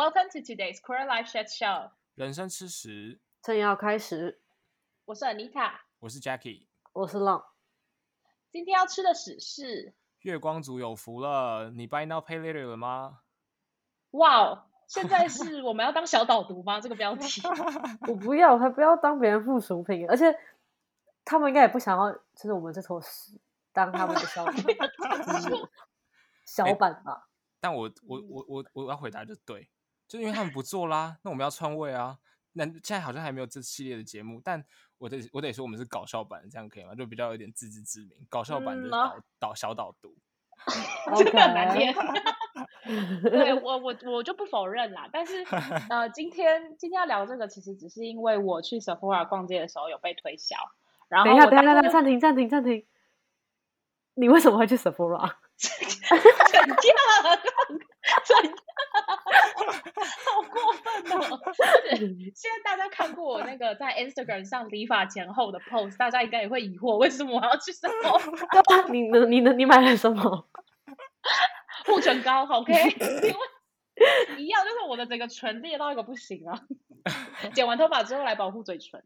Welcome to today's Quarter Life Chat Sh Show。人生吃屎正要開始。我是 Anita，我是 Jacky，我是 Long。今天要吃的屎是月光族有福了，你 buy now pay later 了嗎？哇哦！現在是我們要當小導讀嗎？ 這個標題 我不要，我還不要當別人附屬品，而且他們應該也不想要，就是我們這坨屎當他們的消費小板 吧、欸？但我我我我我要回答就對。就因為他們不做啦，那我們要篡位啊！那現在好像還沒有這系列的節目，但我得我得說我們是搞笑版，這樣可以嗎？就比較有點自知之明，搞笑版的導、嗯、導、導小導讀，真的很難聽。對，我我我就不否認啦，但是呃，今天今天要聊這個，其實只是因為我去 Sephora 逛街的時候有被推銷。然後等一下，等一下，暫停，暫停，暫停，暫停。你為什麼會去 Sephora？轉嫁， 好過分哦！現在大家看過我那個在 Instagram 上理髮前後的 post，大家應該也會疑惑，為什麼我要去什麼？你能，你能，你買了什麼？護唇膏，OK。因為一樣就是我的整個唇裂到一個不行啊！剪完頭髮之後來保護嘴唇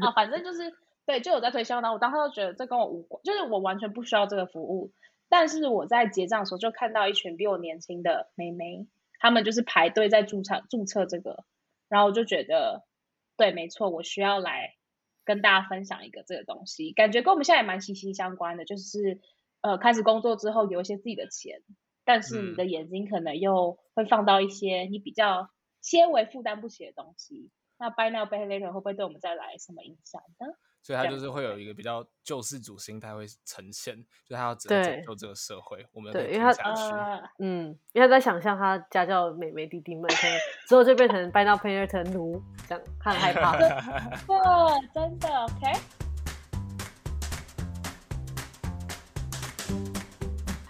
啊，反正就是對，就我在推銷呢。然後我當時就覺得這跟我無關，就是我完全不需要這個服務。但是我在結賬的時候就看到一群比我年輕的美眉。他們就是排隊在註冊註冊這個，然後我就覺得，對，沒錯，我需要來跟大家分享一個這個東西，感覺跟我們現在也蠻息息相關的，就是，呃，開始工作之後有一些自己的錢，但是你的眼睛可能又會放到一些你比較稍微負擔不起的東西。那 buy now pay later 會不會對我們再來什麼影響呢？所以，他就是會有一個比較救世主心態會呈現，對就是他要拯救救這個社會。對我們對，因為他，呃、嗯，因為他在想象他家教美美弟弟們， 之後就變成 buy now pay later 難奴，這樣看害怕，真 真的 OK。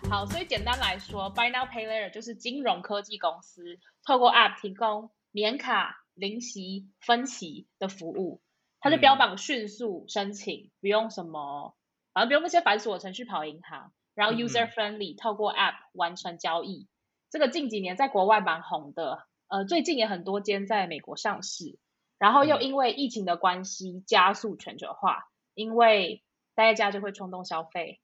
好，所以簡單來說，buy now pay later 就是金融科技公司透過 App 提供免卡。零息分期的服務，它就標榜迅速申請，不用什麼，嗯、反正不用那些繁瑣的程序跑銀行，然後 user friendly 透過 app 完成交易。嗯、這個近幾年在國外蠻紅的，呃，最近也很多間在美國上市，然後又因為疫情的關係加速全球化，嗯、因為大家就會衝動消費。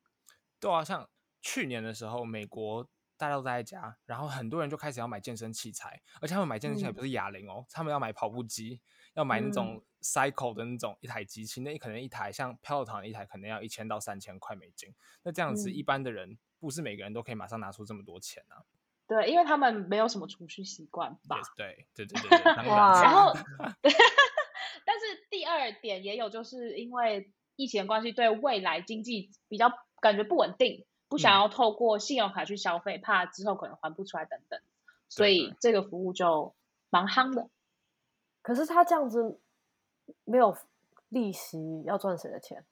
對啊，好像去年的時候，美國。大家都在家，然後很多人就開始要買健身器材，而且他們買健身器材不是啞鈴哦，他們要買跑步機，要買那種 cycle 的那種一台機器，嗯、那可能一台像 Peloton 一台，可能要一千到三千塊美金，那這樣子一般的人，嗯、不是每個人都可以馬上拿出這麼多錢啊。對，因為他們沒有什麼儲蓄習慣吧。對對對對。然後對，但是第二點也有，就是因為疫情關係，對未來經濟比較感覺不穩定。不想要透過信用卡去消費，嗯、怕之後可能還不出來等等，所以這個服務就蠻夯的。嗯、可是他這樣子沒有利息，要賺誰的錢？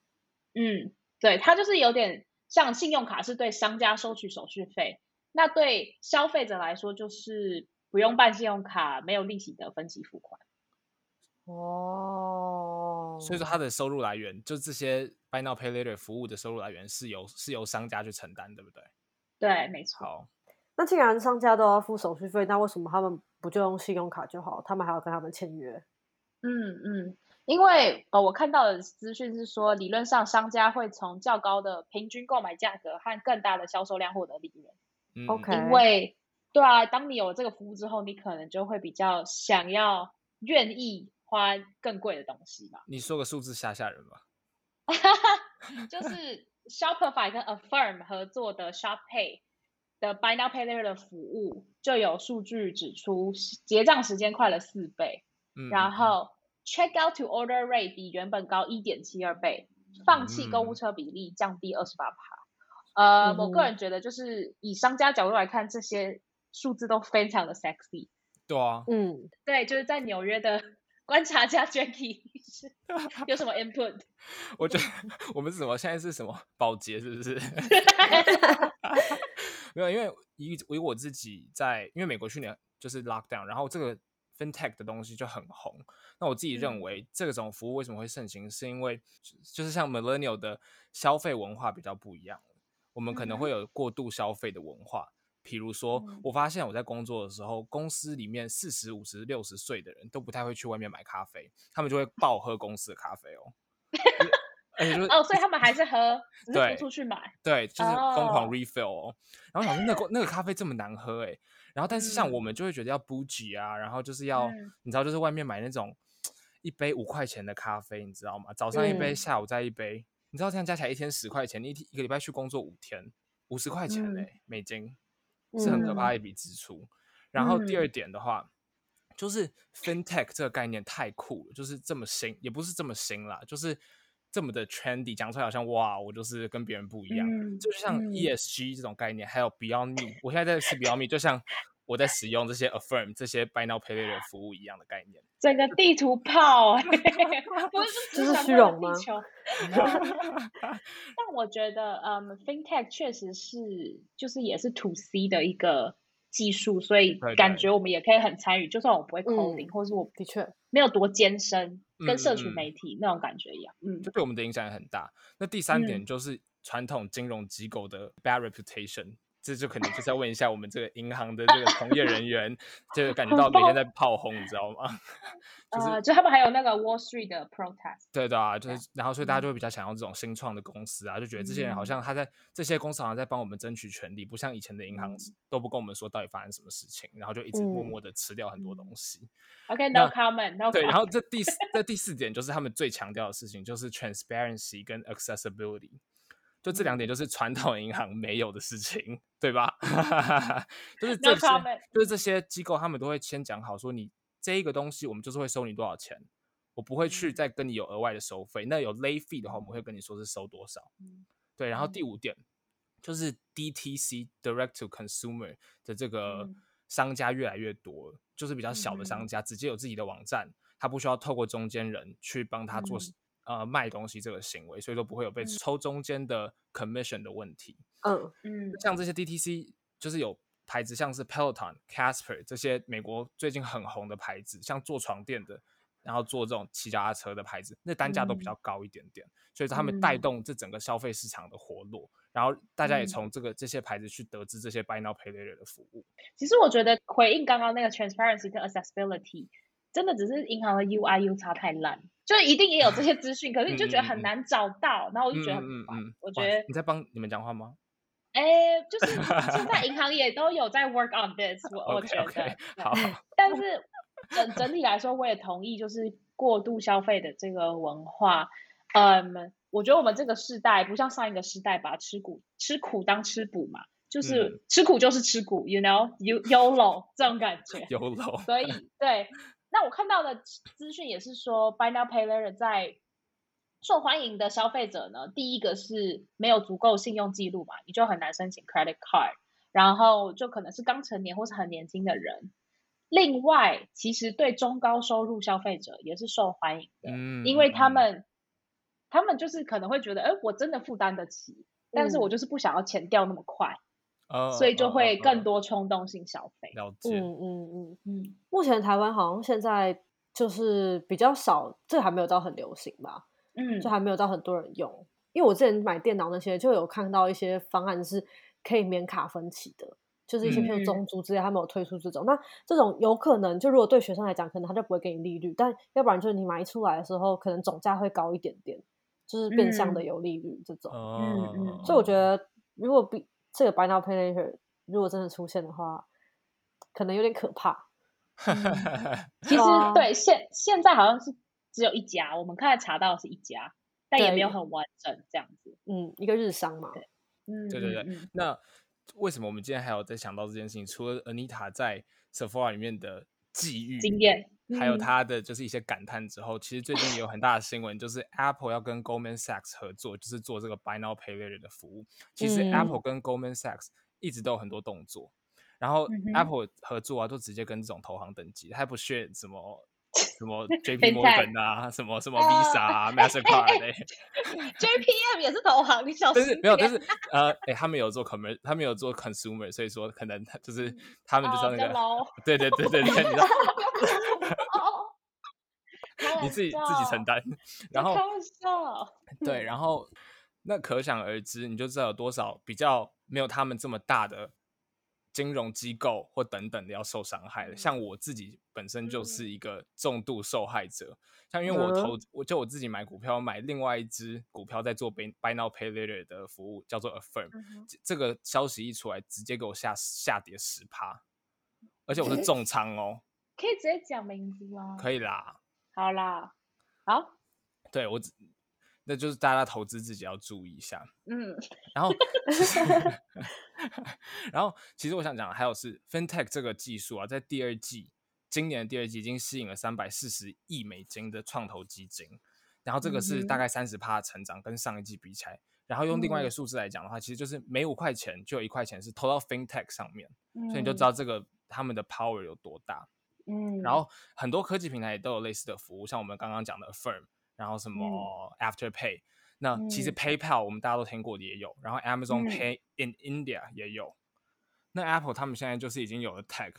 嗯，對，他就是有點像信用卡是對商家收取手續費，那對消費者來說就是不用辦信用卡，沒有利息的分期付款。哦。所以說，他的收入來源就這些 buy now pay later 服務的收入來源是由是由商家去承擔，對不對？對，沒錯。好，那既然商家都要付手續費，那為什麼他們不就用信用卡就好？他們還要跟他們簽約？嗯嗯，因為、哦、我看到的資訊是說，理論上商家會從較高的平均購買價格和更大的銷售量獲得利益。嗯、OK，因為對啊，當你有這個服務之後，你可能就會比較想要、願意。花更貴的東西吧。你說個數字嚇嚇人吧。 就是 Shopify 跟 Affirm 合作的 Shop Pay 的 Buy Now Pay Later 的服務，就有數據指出，結賬時間快了四倍。嗯、然後 Check Out to Order Rate 比原本高一點七二倍，嗯、放棄購物車比例降低二十八趴。嗯、呃，我個人覺得，就是以商家角度來看，這些數字都非常的 sexy。對啊。嗯，對，就是在紐約的。觀察家 Jacky 有什麼 input？我覺得我們是什麼？現在是什麼？保潔是不是？ 沒有，因為以以我自己在，因為美國去年就是 lockdown，然後這個 fintech 的東西就很紅。那我自己認為，嗯、這種服務為什麼會盛行，是因為就是像 millennial 的消費文化比較不一樣，我們可能會有過度消費的文化。嗯比如說，我發現我在工作的時候，嗯、公司裡面四十五十六十歲的人都不太會去外面買咖啡，他們就會爆喝公司的咖啡哦、喔。 就是、哦，所以他們還是喝對， 你出，去出去買對，對，就是瘋狂 refill、喔。哦。然後老師、那個，那那個咖啡這麼難喝哎、欸。然後，但是像我們就會覺得要補給啊，嗯、然後就是要、嗯、你知道，就是外面買那種一杯五塊錢的咖啡，你知道嗎？早上一杯，嗯、下午再一杯，你知道這樣加起來一天十塊錢，一一個禮拜去工作五天，五十塊錢嘞、欸嗯、美金。是很可怕的一筆支出。Yeah. 然後第二點的話，Yeah. 就是 FinTech 這個概念太酷了，就是這麼新，也不是這麼新啦，就是這麼的 trendy，講出來好像哇，我就是跟別人不一樣。Yeah. 就是像 ESG 這種概念，還有 Beyond Meat，我現在在吃 Beyond Meat，就像，我在使用這些 Affirm 這些 Buy Now Pay Later 服務一樣的概念，整個地圖炮，不是就是虛榮嗎？但我覺得，嗯，FinTech 確實是就是也是 To C 的一個技術，所以感覺我們也可以很參與。就算我不會 coding，或是我的確沒有多艱深，跟社群媒體那種感覺一樣，嗯，就對我們的影響也很大。那第三點就是傳統金融機構的 bad reputation。這就可能就是要問一下我們這個銀行的這個從業人員，就感覺到每天在炮轟，你知道嗎？就是，就他們還有那個 Wall Street 的 protest。對的啊，就是，然後所以大家就會比較想要這種新創的公司啊，就覺得這些人好像他在這些公司好像在幫我們爭取權利，不像以前的銀行都不跟我們說到底發生什麼事情，然後就一直默默的吃掉很多東西。OK，no comment，no comment。對，然後這第四，這第四點就是他們最強調的事情，就是 transparency 跟 accessibility。就這兩點就是傳統銀行沒有的事情，對吧？ 就是這些，No comment. 就是這些機構他們都會先講好，說你這一個東西我們就是會收你多少錢，我不會去再跟你有額外的收費。那有 lay fee 的話，我們會跟你說是收多少。Mm hmm. 對，然後第五點就是 DTC（Direct to Consumer） 的這個商家越來越多，就是比較小的商家，mm hmm. 直接有自己的網站，他不需要透過中間人去幫他做，mm hmm. 呃，賣東西這個行為，所以說不會有被抽中間的 commission 的問題。嗯嗯，像這些 DTC 就是有牌子，像是 Peloton、Casper 這些美國最近很紅的牌子，像做床墊的，然後做這種騎腳踏車的牌子，那單價都比較高一點點，嗯、所以說他們帶動這整個消費市場的活絡，嗯、然後大家也從這個這些牌子去得知這些 Buy Now Pay Later 的服務。其實我覺得回應剛剛那個 transparency 跟 accessibility。真的只是銀行的 U I U 差太爛，就一定也有這些資訊，可是你就覺得很難找到。嗯、然後我就覺得很嗯，嗯嗯，我覺得你在幫你們講話嗎？哎、欸，就是現在銀行也都有在 work on this 我。我 Okay, 我覺得 okay, 對好，好，但是整整體來說，我也同意，就是過度消費的這個文化。 嗯，我覺得我們這個世代不像上一個世代吧，把吃苦吃苦當吃補嘛，就是，嗯、吃苦就是吃苦，you know，you YOLO 這種感覺，YOLO。 所以對。那我看到的資訊也是說 Buy Now Pay Later 在受歡迎的消費者呢，第一個是沒有足夠信用記錄嘛，你就很難申請 credit card，然後就可能是剛成年或是很年輕的人。另外，其實對中高收入消費者也是受歡迎的，嗯、因為他們、嗯、他們就是可能會覺得，哎、欸，我真的負擔得起，但是我就是不想要錢掉那麼快。所以就會更多衝動性消費。嗯。了解。嗯。嗯嗯嗯嗯。目前台灣好像現在就是比較少，這還沒有到很流行吧？嗯。就還沒有到很多人用。因為我之前買電腦那些，就有看到一些方案是可以免卡分期的，就是一些譬如中租之類，嗯。他沒有推出這種。那這種有可能，就如果對學生來講，可能他就不會給你利率，但要不然就是你買出來的時候，可能總價會高一點點，就是變相的有利率這種。嗯嗯。嗯嗯嗯。所以我覺得，如果比。這個 Buy Now Pay Later 如果，真的出現的話，可能有點可怕。 嗯、其實對，現現在好像是只有一家，我們剛才查到的是一家，但也沒有很完整對這樣子。嗯，一個日商嘛。對，嗯，對對對。嗯、那對為什麼我們今天還有在想到這件事情？除了 Anita 在 Sephora 裡面的。際遇，經驗、還有他的就是一些感嘆之後，嗯、其實最近也有很大的新聞，就是 Apple 要跟 Goldman Sachs 合作，就是做這個 buy now pay later 的服務。其實 Apple 跟 Goldman Sachs 一直都有很多動作，嗯、然後 Apple 合作啊，就直接跟這種投行等級，還不屑什麼。什麼 JPM 啊，什麼什麼 Visa、Mastercard j p m 也是投行，你小，死！但是沒有，但是呃，誒，他們有做 consumer，他們有做 consumer，所以說可能他就是他們就是那個，對對對對，你你你自己自己承擔。然後，對，然後那可想而知，你就知道有多少比較沒有他們這麼大的，金融機構或等等的要受傷害的，像我自己本身就是一個重度受害者。嗯、像因為我投，我就我自己買股票，買另外一支股票，在做 buy, “buy now pay later” 的服務，叫做 Affirm，嗯哼。這個消息一出來，直接給我下下跌十趴，而且我是重倉哦。 可以直接講名字嗎？可以啦。好啦，好。對，我只。那就是大家投資自己要注意一下。嗯，然後， 然後，其實我想講還有是 fintech 這個技術啊，在第二季，今年的第二季已經吸引了三百四十億美金的創投基金，然後這個是大概三十趴成長，跟上一季比起來。然後用另外一個數字來講的話，嗯、其實就是每五塊錢就有一塊錢是投到 fintech 上面，嗯、所以你就知道這個他們的 power 有多大。嗯，然後很多科技平台也都有類似的服務，像我們剛剛講的 Affirm。然後什麼 After Pay，嗯、那其實 PayPal 我們大家都聽過的也有，嗯、然後 Amazon Pay in India 也有。嗯、那 Apple 他們現在就是已經有了 Tech，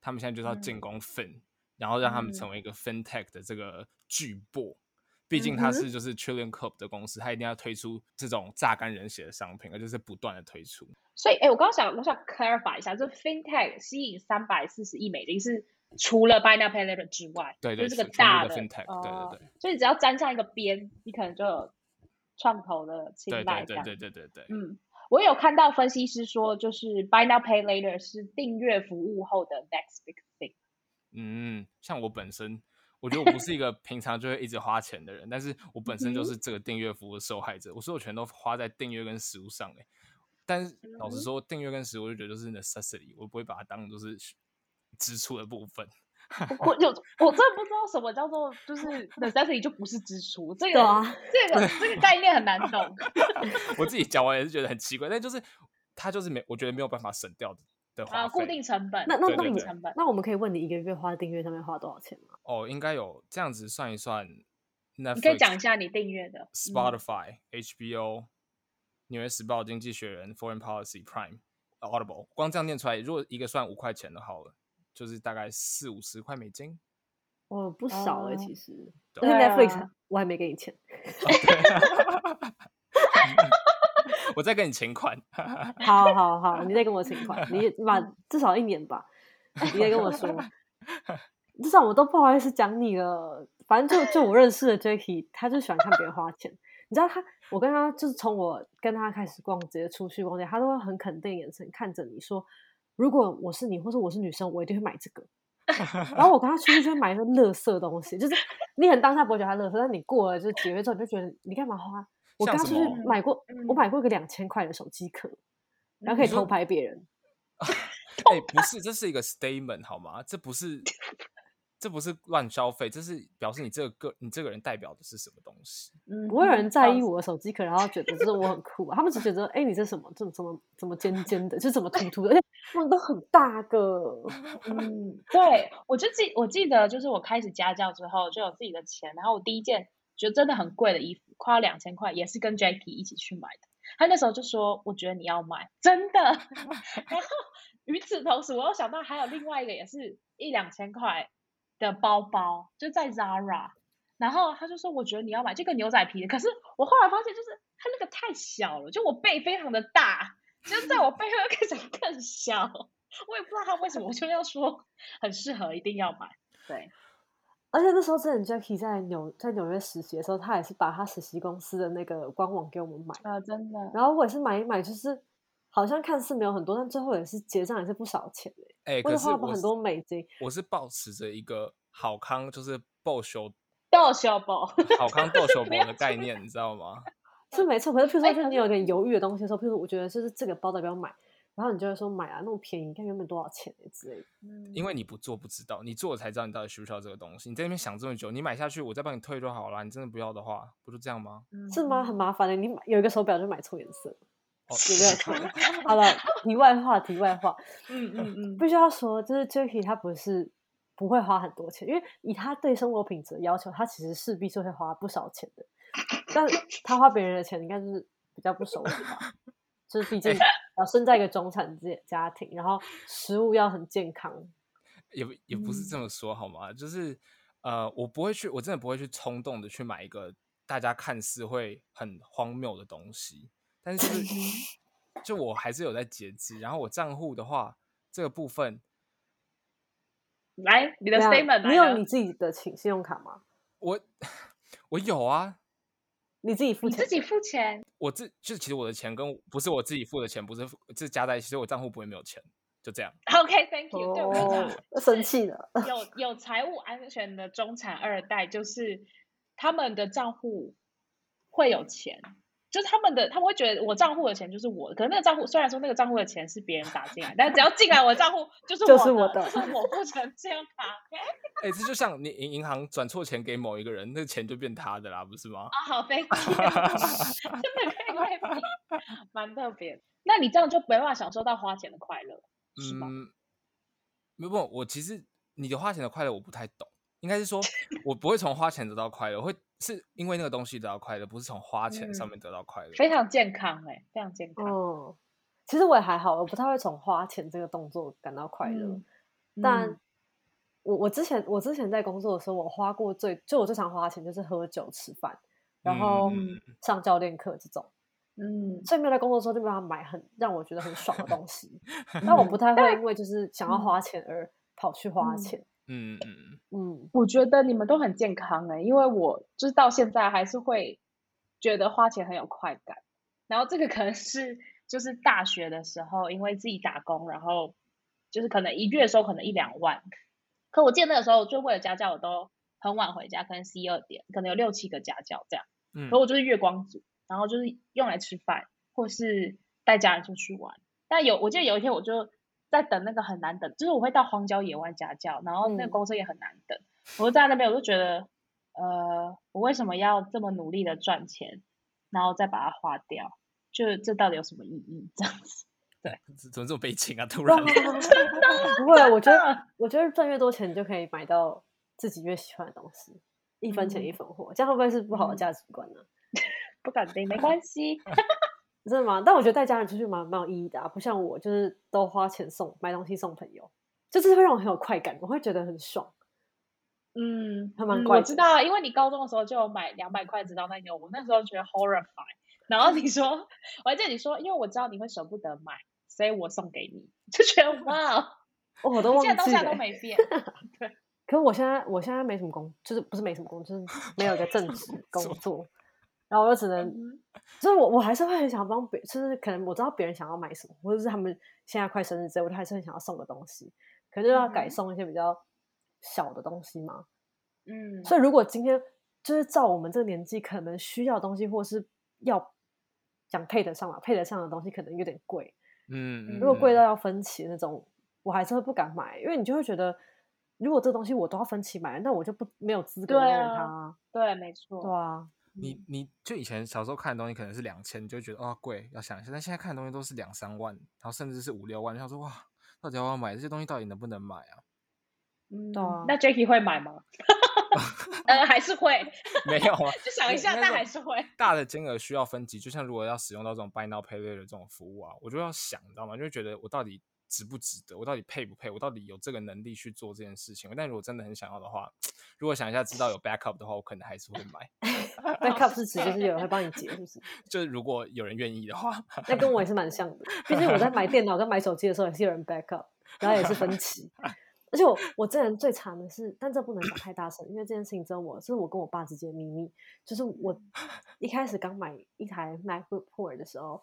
他們現在就是要進攻 Fin，嗯、然後讓他們成為一個 FinTech 的這個巨擘。嗯、畢竟它是就是 Trillion Club 的公司，它、嗯、哼一定要推出這種榨乾人血的商品，而且是不斷的推出。所以，哎，我剛剛想，我剛剛想 clarify 一下，這 FinTech 吸引三百四十億美金是。除了 buy now pay later 之外，對對就是這個大的，fintech，哦、對對對，所以只要沾上一個邊，你可能就有創投的青睞。對對對，對對對對對對。嗯，我有看到分析師說，就是 buy now pay later 是訂閱服務後的 next big thing。嗯，像我本身，我覺得我不是一個平常就會一直花錢的人， 但是我本身就是這個訂閱服務的受害者。嗯、我所有我全都花在訂閱跟食物上、欸、但是老實說，嗯、訂閱跟食物，我就覺得就是 necessity，我不會把它當做、就是。支出的部分，我有，我真的不知道什麼叫做就是 neces sity 就不是支出，這個、啊、這個這個概念很難懂。 我自己講完也是覺得很奇怪，但就是它就是沒我覺得沒有辦法省掉的話。啊，固定成本，對對對，那那固定成本，對對對，那我們可以問你一個月花訂閱上面花多少錢嗎？哦，oh, 應該有這樣子算一算。你可以講一下你訂閱的 Spotify、嗯、HBO、《紐約時報》、《經濟學人》、《Foreign Policy》Prime,、Prime、Audible，光這樣念出來，如果一個算五塊錢的話。就是大概四五十塊美金，哦，oh, 不少了，其實。我在 Netflix，我還沒給你錢。我再給你錢款。 好好好，你再給我錢款，你滿至少一年吧，你再跟我說。至少我都不好意思講你了。反正就就我認識的 Jacky，他就喜歡看別人花錢。 你知道他，我跟他就是從我跟他開始逛街，出去逛街，他都會很肯定眼神看着你說。如果我是你，或者我是女生，我一定會買這個。然後我跟他出去就買一個樂色東西， 就是你很當下不會覺得它樂色，但你過了就幾個月之後，你就覺得你幹嘛花？我剛出去，去買過，我買過一個兩千塊的手機殼，嗯、然後可以偷拍別人。哎、啊欸，不是，這是一個 statement 好嗎？這不是，這不是亂消費，這是表示你這個個你這個人代表的是什麼東西、嗯？不會有人在意我的手機殼，然後覺得這是我很酷、啊。 他們只覺得哎、欸，你這什麼，這麼怎麼怎麼尖尖的，就怎麼凸凸的。而且。我都很大個，嗯， 對我就記，我記得就是我開始家教之後就有自己的錢，然後我第一件覺得真的很貴的衣服，花了兩千塊，也是跟 Jacky 一起去買的。他那時候就說，我覺得你要買，真的。 然後與此同時，我又想到還有另外一個也是一兩千塊的包包，就在 Zara，然後他就說，我覺得你要買，這個牛仔皮的。可是我後來發現，就是他那個太小了，就我背非常的大。 就在我背後開始更小，我也不知道他為什麼，我就要說很適合，一定要買。對，而且那時候真的 Jacky 在紐在紐約實習的時候，他也是把他實習公司的那個官網給我們買啊，真的。然後我也是買一買，就是好像看似沒有很多，但最後也是結賬也是不少錢哎，哎、欸，是我花了很多美金。我是保持着一個好康就是鬥相報鬥相報好康鬥相報的概念， 你知道嗎？是沒錯，可是譬如說，就是你有點猶豫的東西的時候，譬如說我覺得就是這個包代表買，然後你就會說買啊，那麼便宜，你看原本多少錢、欸、之類的。因為你不做不知道，你做了才知道你到底需不需要這個東西。你在那邊想這麼久，你買下去，我再幫你退就好了。你真的不要的話，不就這樣嗎？是嗎？很麻煩的、欸，你有一個手表就買錯顏色，有、oh. 沒有錯？好了，題外話，題外話，嗯嗯 嗯，嗯嗯必須要說，就是 Jacky 他不是不會花很多錢，因為以他對生活品質的要求，他其實勢必是會花不少錢的。但他花別人的錢，應該就是比較不熟悉嘛。 就是畢竟要生在一個中產階家庭，然後食物要很健康，也也不是這麼說好嗎？嗯、就是呃，我不會去，我真的不會去衝動的去買一個大家看似會很荒謬的東西。但是 就我還是有在節制。然後我賬戶的話，這個部分。來，你的 statement、嗯、你有你自己的請信用卡嗎？我我有啊。你自，你自己付錢，自己付錢。我自就是，其實我的錢跟不是我自己付的錢，不是付是加在一起，所以我賬戶不會沒有錢，就這樣。OK，thank you。對我生氣了。有有財務安全的中產二代，就是他們的賬戶會有錢。就是他們的，他們會覺得我賬戶的錢就是我的。可是那個賬戶，雖然說那個賬戶的錢是別人打進來，但只要進來我的賬戶，就是我的，就是我的，就是我不成這樣打。哎、欸，這就像你銀銀行轉錯錢給某一個人，那錢就變他的啦，不是嗎？啊，好悲催真的可以可以，蠻特別。那你這樣就沒辦法享受到花錢的快樂，嗯，嗎吧？沒不，我其實你的花錢的快樂我不太懂，應該是說我不會從花錢得到快樂， 會。是因為那個東西得到快樂，不是從花錢上面得到快樂，嗯。非常健康哎、欸，非常健康。哦，其實我也還好，我不太會從花錢這個動作感到快樂。嗯、但我、嗯、我之前我之前在工作的時候，我花過最就我最常花錢就是喝酒吃飯，然後上教練課這種。嗯，所以沒有在工作的時候就沒有買很讓我覺得很爽的東西。 但我不太會因為就是想要花錢而跑去花錢。嗯嗯嗯嗯我覺得你們都很健康哎、欸，因為我就是到現在還是會覺得花錢很有快感。然後這個可能是就是大學的時候，因為自己打工，然後就是可能一月收可能一兩萬。可我記得那個時候，就為了家教，我都很晚回家，可能十一二點，可能有六七個家教這樣。嗯。可我就是月光族，然後就是用來吃飯或是帶家人出去玩。但有，我記得有一天我就。在等那個很難等，就是我會到荒郊野外家教，然後那個公司也很難等。嗯、我就站在那邊，我就覺得，呃，我為什麼要這麼努力的賺錢，然後再把它花掉？就這到底有什麼意義？這樣子，對，怎麼這麼悲情啊？突然、啊，不會、啊，我覺得，我覺得賺越多錢，你就可以買到自己越喜歡的東西，一分錢一分貨，嗯、這樣會不會是不好的價值觀呢、啊？ 不敢背沒關係。 真的嗎？但我覺得帶家人出去蠻蠻有意義的啊，不像我就是都花錢送買東西送朋友，就是會讓我很有快感，我會覺得很爽。嗯，還蠻快、嗯嗯。我知道，因為你高中的時候就有買兩百塊，直到那一年，我那時候覺得 horrified。然後你說， 我還記得你說，因為我知道你會捨不得買，所以我送給你，就覺得哇，我都忘記。現在東西都沒變。對。 可是我現在我現在沒什麼工，就是不是沒什麼工，就是沒有一個正職工作。 然後我就只能，就是我我還是會很想幫別，就是可能我知道別人想要買什麼，或者是他們現在快生日之後，我就還是很想要送的東西，可能就要改送一些比較小的東西嘛。嗯，所以如果今天就是照我們這個年紀，可能需要東西，或是要講配得上嘛，配得上的東西可能有點貴。嗯，嗯，如果貴到要分期那種，我還是會不敢買，因為你就會覺得，如果這東西我都要分期買，那我就不沒有資格擁有它。對啊。對，沒錯，對啊。你你就以前小時候看的東西可能是兩千，你就覺得哦貴，要想一下。但現在看的東西都是兩三萬，然後甚至是五六萬，就想說哇，到底要不要買這些東西，到底能不能買啊？嗯，嗯，那 Jacky 會買嗎？嗯、 呃，還是會。沒有啊。 就想一下，但還是會。大的金額需要分級，就像如果要使用到這種 buy now pay later 的這種服務啊，我就要想，你知道嗎？就會覺得我到底。值不值得？我到底配不配？我到底有這個能力去做這件事情？但如果真的很想要的話，如果想一下知道有 backup 的話，我可能還是會買。 backup 是指就是有人會幫你解是不是？就是如果有人願意的話， 那跟我也是蠻像的。畢竟我在買電腦跟買手機的時候也是有人 backup，然後也是分期。 而且我我這人最慘的是，但這不能講太大聲，因為這件事情只有我是我跟我爸之間的秘密。就是我一開始剛買一台 MacBook Pro 的時候，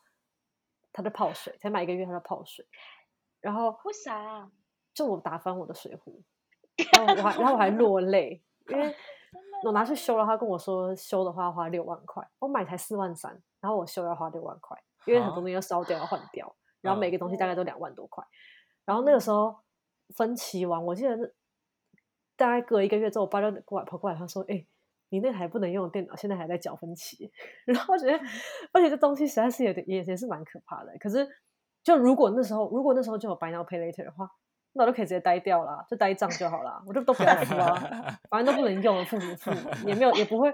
它在泡水，才買一個月它在泡水。然後為啥？就我打翻我的水壺，然後我還，然後我還落淚，因為我拿去修了，他跟我說修的話要花六萬塊，我買才四萬三，然後我修要花六萬塊，因為很多東西要燒掉要換掉，啊、然後每個東西大概都兩萬多塊。然後那個時候分期完，我記得大概隔一個月之後，我爸過來跑過來，他說：“哎，你那台不能用的電腦現在還在繳分期。”然後覺得，而且這東西實在是有點也、也、也是蠻可怕的，可是。就如果那時候，如果那時候就有 Buy Now Pay Later 的話，那我就可以直接呆掉了，就呆賬就好了，我就都不要付了， 反正都不能用了，付付了，付不付也沒有，也不會，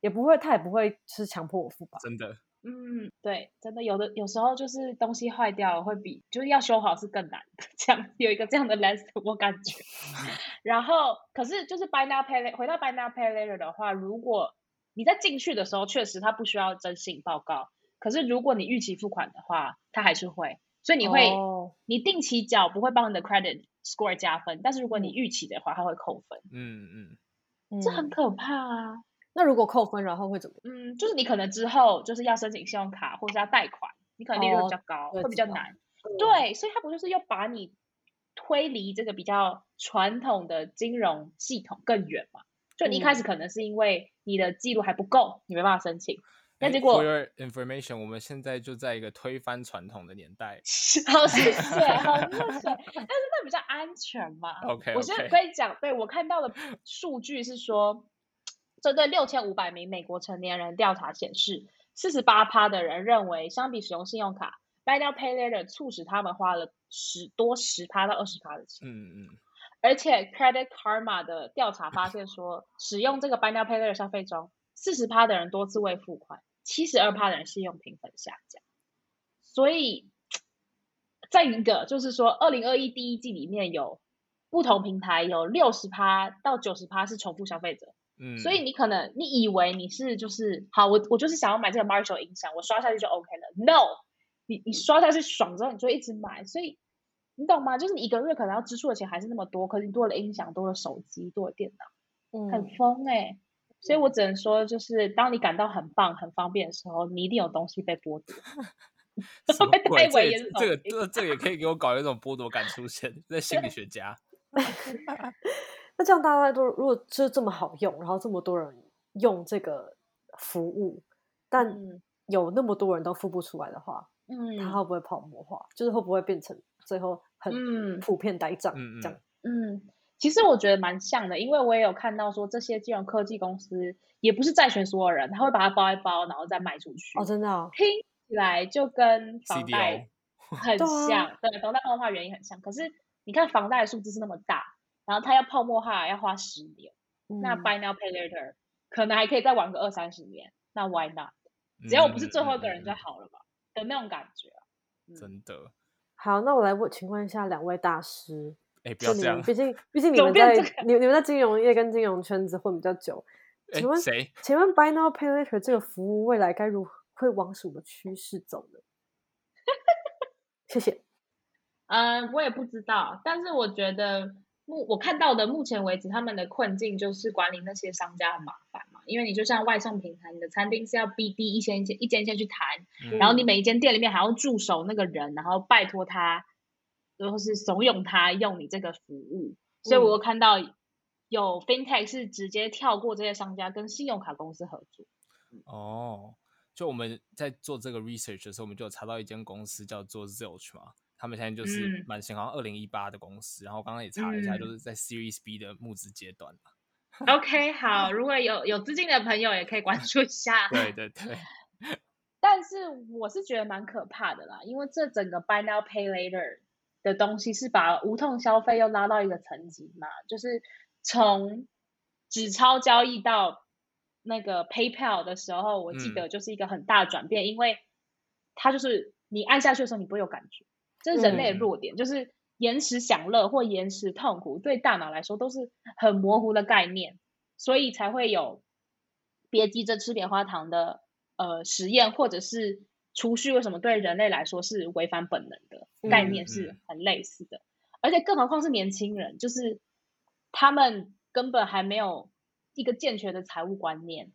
也不會，他也不會是強迫我付吧？真的？嗯，對，真的有的，有時候就是東西壞掉了會比就是要修好是更難的，這樣有一個這樣的 lesson 我感覺。 然後，可是就是 Buy Now Pay Later 回到 Buy Now Pay Later 的話，如果你在進去的時候確實它不需要徵信報告，可是如果你逾期付款的話，它還是會，所以你會、oh. 你定期繳不會幫你的 credit score 加分，但是如果你逾期的話，嗯、它會扣分。嗯嗯，這很可怕啊！那如果扣分，然後會怎麼？嗯，就是你可能之後就是要申請信用卡或者是要貸款，你可能利率比較高，oh. 會比較難。Oh. 對，所以它不就是要把你推離這個比較傳統的金融系統更遠嘛？就你一開始可能是因為你的記錄還不夠，oh. 你沒辦法申請。那結果，for your information，我們現在就在一個推翻傳統的年代。好水，好水，但是那比較安全嘛。OK，我現在可以講，對我看到的數據是說，針對六千五百名美國成年人調查顯示，四十八趴的人認為，相比使用信用卡，Buy Now Pay Later 促使他們花了十多十趴到二十趴的錢。嗯嗯，而且 Credit Karma 的調查發現說，使用這個 Buy Now Pay Later 消費中，四十趴的人多次未付款。七十二趴的人信用評分下降，所以再一個就是說，二零二一第一季裡面有不同平台有六十趴到九十趴是重複消費者。嗯、所以你可能你以為你是就是好，我我就是想要買這個 Marshall 音響，我刷下去就 OK 了。No，你你刷下去爽之後，你就一直買，所以你懂嗎？就是你一個月可能要支出的錢還是那麼多，可是你多了音響，多了手機，多了電腦，很瘋哎、欸。嗯所以我只能說，就是當你感到很棒、很方便的時候，你一定有東西被剝奪。嗯、 什麼鬼？這個、 這、也可以給我搞一種剝奪感出現，在心理學家。 那這樣大家都如果就這麼好用，然後這麼多人用這個服務，但有那麼多人都付不出來的話，嗯，它會不會泡沫化？就是會不會變成最後很普遍呆賬？嗯，這樣。嗯嗯。嗯。其實我覺得蠻像的，因為我也有看到說這些金融科技公司也不是債權所有人，他會把它包一包，然後再賣出去。哦，真的、哦，聽起來就跟房貸很像，C DI 對，啊、對，房貸泡沫原因很像。可是你看房貸的數字是那麼大，然後它要泡沫化要花十年，嗯、那 buy now pay later 可能還可以再玩個二三十年，那 why not？只要我不是最後一個人就好了吧？嗯、的那種感覺。真的。嗯、好，那我來問請問一下兩位大師。哎，不要這樣你。畢竟，畢竟你們在、這個、你們你們在金融業跟金融圈子混比較久。請問，誰？請問 buy now pay later 這個服務未來該如何會往什麼趨勢走呢？ 謝謝。嗯、呃，我也不知道，但是我覺得目，我看到的目前為止，他們的困境就是管理那些商家很麻煩嘛，因為你就像外送平台，你的餐廳是要 BD 一間一間一間間去談，嗯、然後你每一間店裡面還要駐守那個人，然後拜託他。就是慫恿他用你這個服務，嗯、所以我看到有 fintech 是直接跳過這些商家，跟信用卡公司合作。哦，oh, 就我們在做這個 research 的時候，我們就有查到一間公司叫做 Zilch 嘛，他們現在就是蠻新，嗯、好像二零一八的公司，然後剛剛也查了一下，嗯、就是在 Series B 的募資階段嘛。OK，好，嗯、如果有有資金的朋友也可以關注一下。對對 對。對對 但是我是覺得蠻可怕的啦，因為這整個 buy now pay later。的東西是把無痛消費又拉到一個層級嘛，就是從紙鈔交易到那個 PayPal 的時候，我記得就是一個很大的轉變，嗯、因為它就是你按下去的時候你不會有感覺，這是人類的弱點，嗯、就是延遲享樂或延遲痛苦，對大腦來說都是很模糊的概念，所以才會有別急着吃棉花糖的呃實驗，或者是。儲蓄為什麼對人類來說是違反本能的、嗯、概念，是很類似的，嗯嗯、而且更何況是年輕人，就是他們根本還沒有一個健全的財務觀念。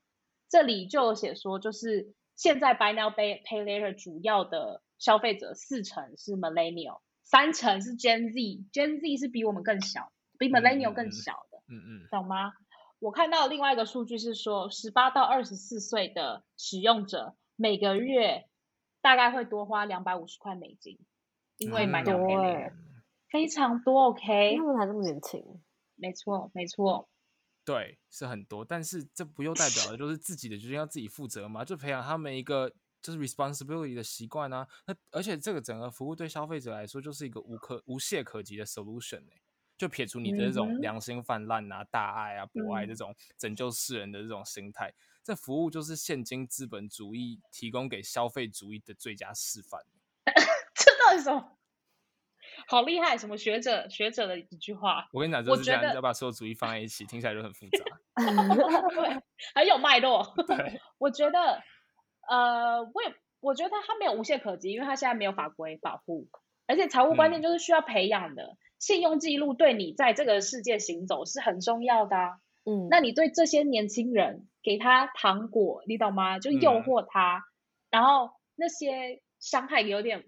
這裡就有寫說，就是現在 “buy now, pay, pay later” 主要的消費者四成是 millennial，三成是 Gen Z，Gen Z 是比我們更小，比 millennial 更小的。嗯嗯，嗯嗯懂嗎？我看到另外一個數據是說，十八到二十四歲的使用者每個月。大概會多花兩百五十塊美金，因為買兩杯、嗯欸、非常多，OK？他們還這麼年輕，沒錯，沒錯，對，是很多，但是這不又代表的就是自己的決定要自己負責嗎？ 就培養他們一個就是 responsibility 的習慣啊。而且這個整個服務對消費者來說就是一個無可無懈可擊的 solution、欸就撇除你的這種良心泛濫啊、mm hmm. 大愛啊、博愛這種拯救世人的這種心態，mm hmm. 這服務就是現今資本主義提供給消費主義的最佳示範。這到底是什麼？好厲害！什麼學者學者的一句話？我跟你講就這樣，我你只要把所有主義放在一起，聽起來就很複雜。 對，很有脈絡。 對 我覺得，呃，我也我覺得他沒有無懈可擊，因為他現在沒有法規保護，而且財務觀念就是需要培養的。嗯信用記錄對你在這個世界行走是很重要的，啊，嗯，那你對這些年輕人給他糖果，你懂嗎？就誘惑他，嗯、然後那些傷害有點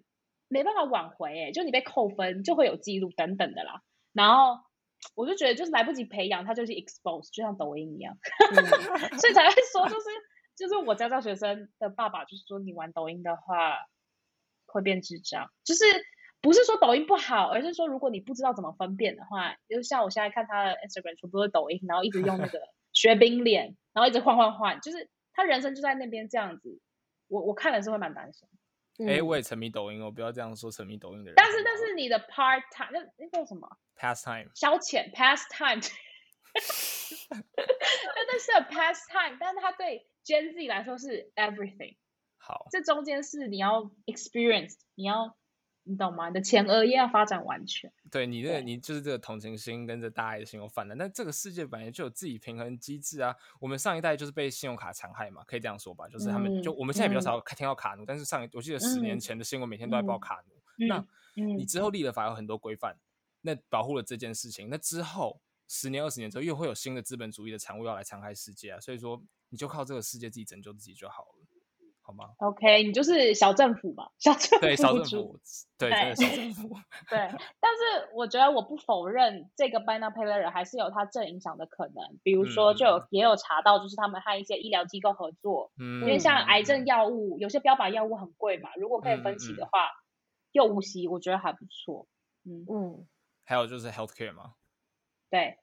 沒辦法挽回，哎，就你被扣分就會有記錄等等的啦。然後我就覺得就是來不及培養他，就是 expose，就像抖音一樣， 嗯、 所以才會說就是就是我家教學生的爸爸就是說你玩抖音的話會變智障，就是。不是說抖音不好，而是說如果你不知道怎麼分辨的話，就是、像我現在看他的 Instagram，除了抖音，然後一直用那個學冰臉， 然後一直換換換，就是他人生就在那邊這樣子。我我看的是會蠻擔心。哎、欸，嗯、我也沉迷抖音，哦，不要這樣說沉迷抖音的人。但是但是你的 part time 那那叫什麼？pastime。Past time. 消遣 pastime。真的是，是 pastime，但是他對 Gen Z 來說是 everything。好。這中間是你要 experience，你要。你懂嗎？你的前額葉要發展完全，對，你的對你就是這個同情心跟着大愛的心又泛濫，那這個世界本來就有自己平衡機制啊。我們上一代就是被信用卡殘害嘛，可以這樣說吧，就是他們、嗯、就我們現在比較少聽到卡奴，嗯、但是上一，我記得十年前的新聞每天都在報卡奴。嗯、那、嗯、你之後立了法有很多規範，那保護了這件事情，那之後十年二十年之後又會有新的資本主義的產物要來殘害世界啊，所以說你就靠這個世界自己拯救自己就好了。OK，你就是小政府吧？小政府，對對小政府，對對小政府。對，但是我覺得我不否認這個 Buy Now Pay Later 還是有它正影響的可能。比如說，就有、嗯、也有查到，就是他們和一些醫療機構合作，因為、嗯、像癌症藥物，有些標靶藥物很貴嘛，如果可以分期的話，嗯嗯、又無息，我覺得還不錯。嗯嗯。還有就是 Healthcare 嘛。對。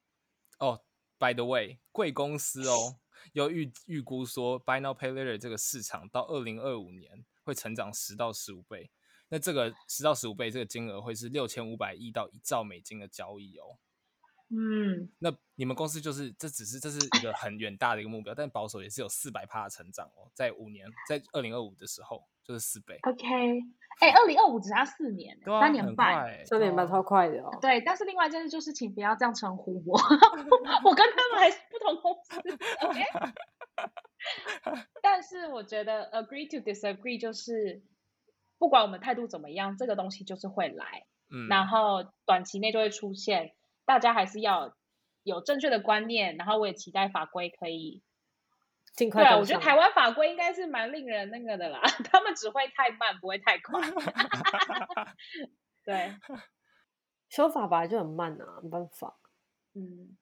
哦、oh,，By the way，貴公司哦。 又預預估說 buy now pay later 這個市場到二零二五年會成長十到十五倍，那這個十到十五倍這個金額會是六千五百億到一兆美金的交易哦。嗯，那你們公司就是這，只是這是一個很遠大的一個目標，唉但保守也是有四百趴的成長哦，在五年，在二零二五的時候就是四倍。OK，哎、欸，二零二五只差四年、欸，三、啊、年半，三年半超快的哦。哦對，但是另外一件事就是，請不要這樣稱呼我， 我跟他們還是不同公司。OK，但是我覺得 agree to disagree，就是不管我們態度怎麼樣，這個東西就是會來，嗯，然後短期內就會出現。大家還是要有正確的觀念，然後我也期待法規可以盡快。對啊，我覺得台灣法規應該是蠻令人那個的啦，他們只會太慢，不會太快。 對，修法本來就很慢啊，沒辦法。嗯，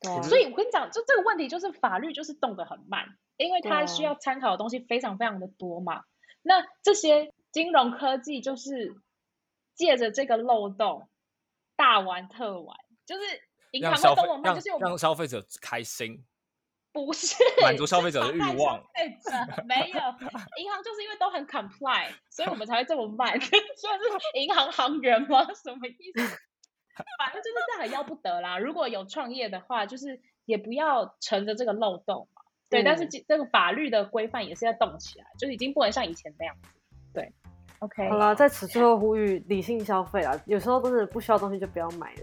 對啊。所以我跟你講，就這個問題，就是法律就是動得很慢，因為它需要參考的東西非常非常的多嘛。啊，那這些金融科技就是借着這個漏洞，大玩特玩。就是銀行讓就是讓消費者開心，不是滿足消費者的慾望 沒有，銀行就是因為都很 comply， 所以我們才會這麼慢。所以 是銀行行員嗎？ 什麼意思？反正就是這樣很要不得啦。如果有創業的話，就是也不要趁著這個漏洞嘛。對，嗯、但是這個法律的規範也是要動起來，就已經不能像以前那樣子。對，OK，好了，在此之後呼籲理性消費啊。有時候都是不需要東西就不要買了。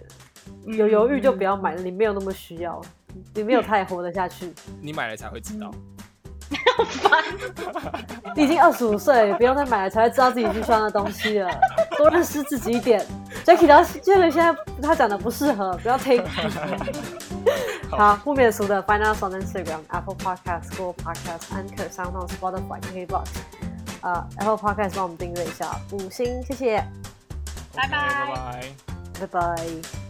嗯、有猶豫就不要買了，你沒有那麼需要，你沒有它也活得下去。你買了才會知道沒有煩，你已經二十五歲不用再買了才會知道自己是穿的東西了，多認識自己一點 Jacky 到現在他講得不適合不要 take、oh. 好，不免俗的 financial thanksground apple podcastsgo podcasts uncle sound nice bottle bike 黑 box 然後 podcasts 幫我們訂閱一下五星，謝謝拜拜拜拜。